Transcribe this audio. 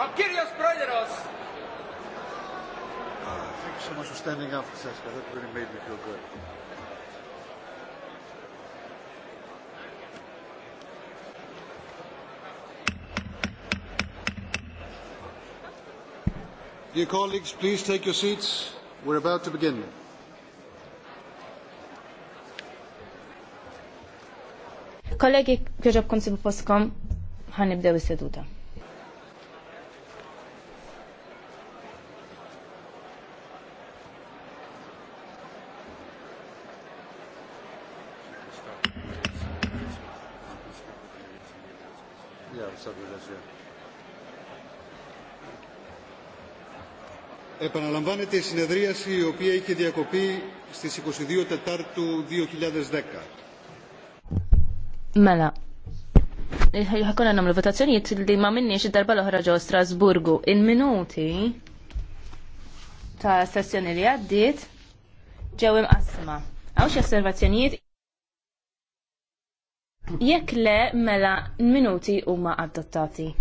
I'm uh, Thank you so much for standing up, Francesca. That really made me feel good. Dear colleagues, please take your seats. We're about to begin. Kollegi, kħiġab konsibu poskom, ħan nibdew is-seduta. Επαναλαμβάνεται η συνεδρίαση η οποία είχε διακοπεί στις 22 Τετάρτου 2010. Μέλα. Ħakonna namlu votazzjonijiet li ma minniex id-darba l-oħra ġo Strasburgu. Il-minuti ta' sessjoni li għaddiet ġew imqassma. Għawx osservazzjonijiet Jekk le mela minuti huma adottati.